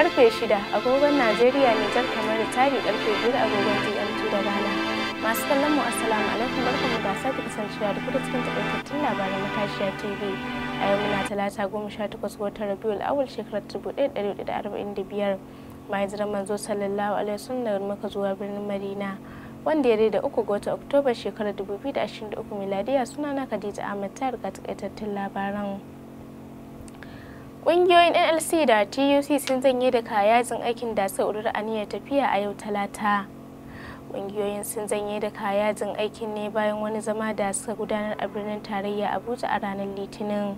karfe 6 agogon Najeriya ne jar kamar da tari karfe 5 agogon GMT da rana. Masu kallon mu assalamu alaikum barkamu da sake kasancewa da kudu cikin takaitattun labaran matashiya TV. A yau muna talata takwas ga watan Rabiul Awwal shekarar dubu da da arba'in biyar. Bayan jiran manzo sallallahu alaihi wasallam daga maka zuwa birnin Madina. wanda ya da uku ga watan Oktoba shekarar 2023 miladiya sunana Khadija Ahmed ta riga takaitattun labaran. Ƙungiyoyin NLC da TUC sun zanye da yajin aikin da saurar aniyar tafiya a yau talata. Ƙungiyoyin sun zanye da yajin aikin ne bayan wani zama da suka gudanar a birnin tarayya Abuja a ranar Litinin.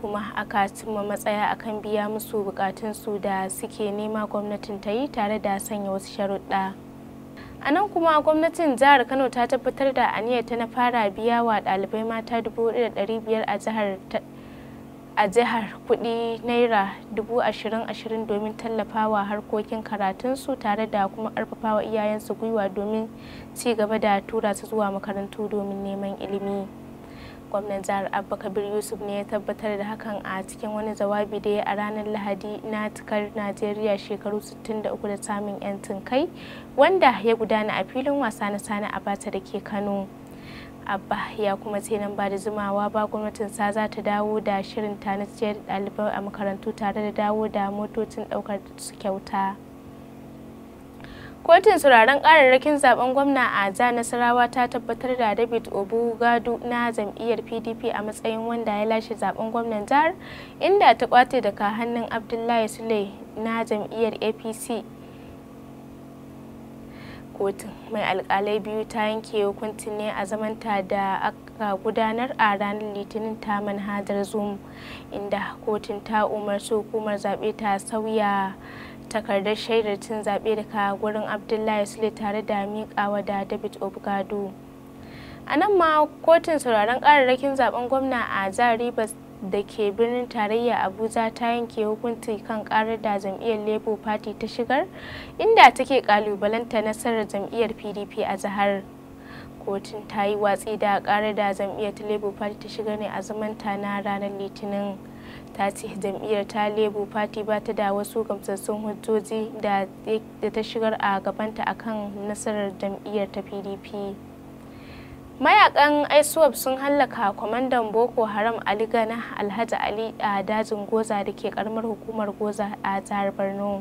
Kuma aka cimma matsaya akan biya musu bukatunsu da suke nema gwamnatin ta yi tare da sanya wasu sharuɗa. A nan kuma gwamnatin jihar Kano ta tabbatar da aniyar ta na fara biya wa ɗalibai mata 1,500 a jihar Ta. a jihar kuɗi naira dubu ashirin ashirin domin tallafawa harkokin karatunsu tare da kuma karfafawa iyayensu gwiwa domin ci gaba da tura su zuwa makarantu domin neman ilimi gwamnan jihar abba kabir yusuf ne ya tabbatar da hakan a cikin wani jawabi da ya a ranar lahadi na tukar najeriya shekaru 63 da samun 'yancin kai wanda ya gudana a filin wasa na sani bata da ke kano abba ya kuma ce nan ba da zumawa ba gwamnatin sa za ta dawo da shirin ta na ciyar da ɗalibai a makarantu tare da dawo da motocin ɗaukar su kyauta kotun sauraron kararrakin zaben gwamna a za nasarawa ta tabbatar da david obu gado na jam'iyyar pdp a matsayin wanda ya lashe zaben gwamnan jihar inda ta kwace daga hannun abdullahi sule na jam'iyyar apc kotun mai alkalai biyu ta yanke hukuncin ne a zamanta da aka gudanar a ranar litinin ta manhajar zoom inda kotun ta umarci hukumar zaɓe ta sauya takardar shaidar cin zaɓe daga gurin abdullahi sule tare da miƙawa da david obgado a nan ma kotun sauraron ƙararrakin zaben gwamna a jihar rivers da ke birnin tarayya abuja ta yanke hukunci kan karar da jam'iyyar labour party ta shigar inda take kalubalanta nasarar jam'iyyar pdp a jihar kotun ta yi watsi da karar da jam'iyyar labour party ta shigar ne a zamanta na ranar litinin ta ce jam'iyyar ta labour party ba ta da wasu gamsassun hujjoji da ta shigar a gabanta akan nasarar jam'iyyar ta pdp mayakan iswap sun hallaka kwamandan boko haram ali gana alhaji ali a dajin goza da ke karamar hukumar goza a jihar borno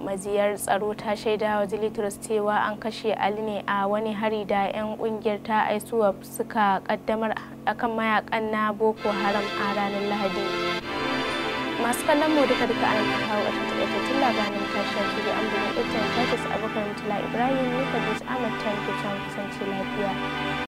maziyar tsaro ta shaida wa zilitros cewa an kashe ali ne a wani hari da 'yan kungiyar ta iswap suka kaddamar akan mayakan na boko haram a ranar lahadi masu kallon mu duka duka an kawo a tattakaitattun labarin tashar tv an Dr. Hafiz Abubakar Mutula Ibrahim ne Kadis Ahmad Tanki can kusance lafiya.